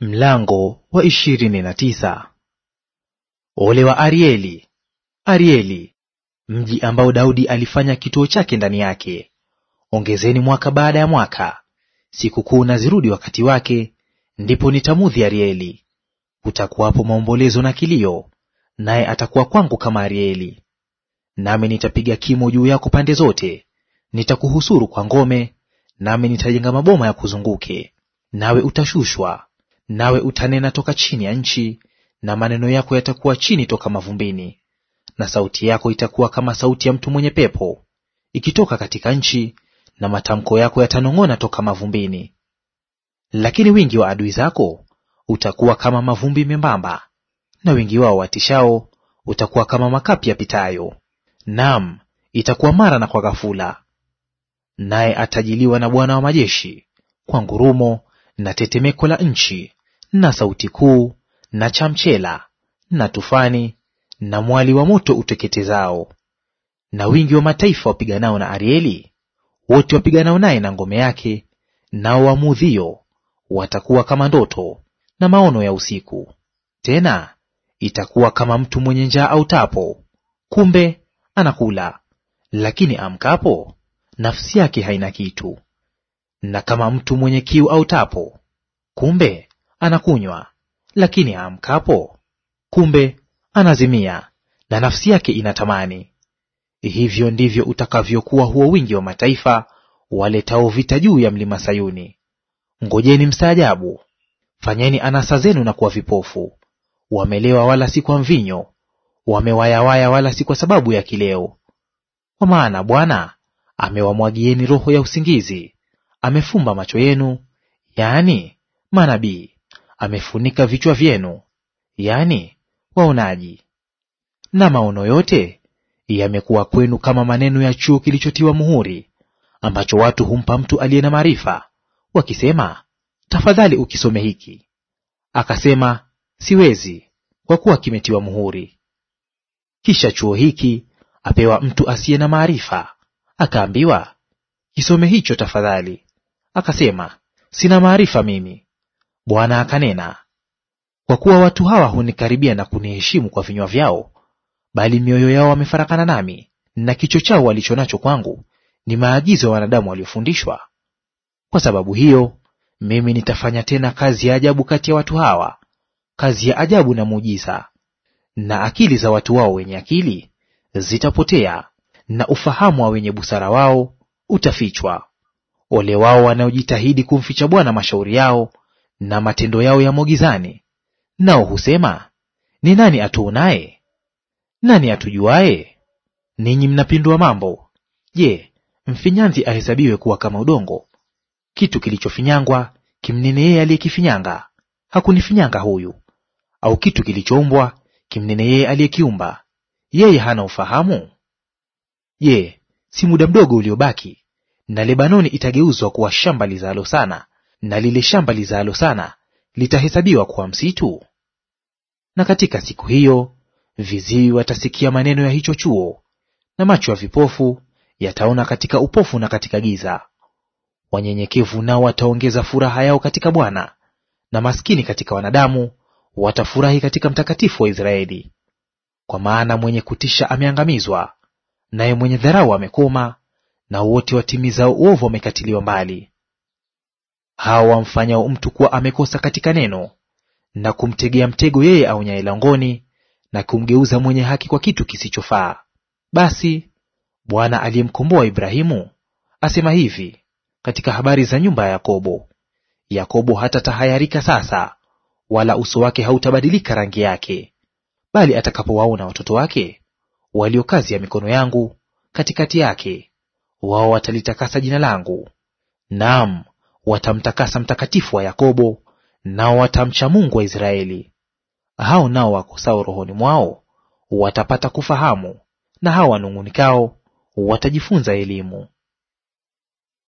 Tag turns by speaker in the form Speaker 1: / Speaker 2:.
Speaker 1: Mlango wa ishirini na tisa. Ole wa Arieli, Arieli, mji ambao Daudi alifanya kituo chake ndani yake! Ongezeni mwaka baada ya mwaka, sikukuu na zirudi wakati wake, ndipo nitamudhi Arieli. Kutakuwapo maombolezo na kilio, naye atakuwa kwangu kama Arieli. Nami nitapiga kimo juu yako pande zote, nitakuhusuru kwa ngome, nami nitajenga maboma ya kuzunguke, nawe utashushwa nawe utanena toka chini ya nchi, na maneno yako yatakuwa chini toka mavumbini, na sauti yako itakuwa kama sauti ya mtu mwenye pepo ikitoka katika nchi, na matamko yako yatanong'ona toka mavumbini. Lakini wingi wa adui zako utakuwa kama mavumbi membamba, na wingi wao watishao utakuwa kama makapi yapitayo; nam itakuwa mara na kwa ghafula. Naye atajiliwa na Bwana wa majeshi kwa ngurumo na tetemeko la nchi, na sauti kuu na chamchela na tufani na mwali wa moto uteketezao, na wingi wa mataifa wapiganao na Arieli, wote wapiganao naye na ngome yake, nao wamudhio watakuwa kama ndoto na maono ya usiku. Tena itakuwa kama mtu mwenye njaa autapo, kumbe anakula, lakini amkapo nafsi yake haina kitu; na kama mtu mwenye kiu autapo, kumbe anakunywa, lakini aamkapo, kumbe anazimia, na nafsi yake inatamani. Hivyo ndivyo utakavyokuwa huo wingi wa mataifa waletao vita juu ya mlima Sayuni. Ngojeni msaajabu fanyeni anasa zenu na kuwa vipofu. Wamelewa wala si kwa mvinyo, wamewayawaya wala si kwa sababu ya kileo. Kwa maana Bwana amewamwagieni roho ya usingizi, amefumba macho yenu, yaani manabii amefunika vichwa vyenu, yaani waonaji. Na maono yote yamekuwa kwenu kama maneno ya chuo kilichotiwa muhuri, ambacho watu humpa mtu aliye na maarifa, wakisema, tafadhali ukisome hiki. Akasema, siwezi, kwa kuwa kimetiwa muhuri. Kisha chuo hiki apewa mtu asiye na maarifa, akaambiwa, kisome hicho tafadhali. Akasema, sina maarifa mimi, Bwana akanena, kwa kuwa watu hawa hunikaribia na kuniheshimu kwa vinywa vyao, bali mioyo yao wamefarakana nami, na kicho chao walicho nacho kwangu ni maagizo ya wanadamu waliofundishwa. Kwa sababu hiyo mimi nitafanya tena kazi ya ajabu kati ya watu hawa, kazi ya ajabu na muujiza. Na akili za watu wao wenye akili zitapotea, na ufahamu wa wenye busara wao utafichwa. Ole wao wanaojitahidi kumficha Bwana mashauri yao na matendo yao yamo gizani, nao husema, ni nani atuonaye? Nani atujuaye? Ninyi mnapindua mambo. Je, mfinyanzi ahesabiwe kuwa kama udongo? Kitu kilichofinyangwa kimnene yeye aliyekifinyanga? Hakunifinyanga huyu. Au kitu kilichoumbwa kimnene yeye aliyekiumba? Yeye hana ufahamu? Je, si muda mdogo uliobaki, na Lebanoni itageuzwa kuwa shamba lizalo sana na lile shamba lizaalo sana litahesabiwa kuwa msitu? Na katika siku hiyo viziwi watasikia maneno ya hicho chuo, na macho ya vipofu yataona katika upofu na katika giza. Wanyenyekevu nao wataongeza furaha yao katika Bwana, na maskini katika wanadamu watafurahi katika Mtakatifu wa Israeli. Kwa maana mwenye kutisha ameangamizwa, naye mwenye dharau amekoma, na wote watimizao uovu wamekatiliwa mbali hao wamfanyao mtu kuwa amekosa katika neno, na kumtegea mtego yeye aonyaye langoni, na kumgeuza mwenye haki kwa kitu kisichofaa. Basi Bwana aliyemkomboa Ibrahimu asema hivi katika habari za nyumba ya Yakobo, Yakobo hatatahayarika sasa, wala uso wake hautabadilika rangi yake, bali atakapowaona watoto wake walio kazi ya mikono yangu katikati yake, wao watalitakasa jina langu, naam watamtakasa mtakatifu wa Yakobo, nao watamcha Mungu wa Israeli. Hao nao wakosao rohoni mwao watapata kufahamu, na hao wanung'unikao watajifunza elimu.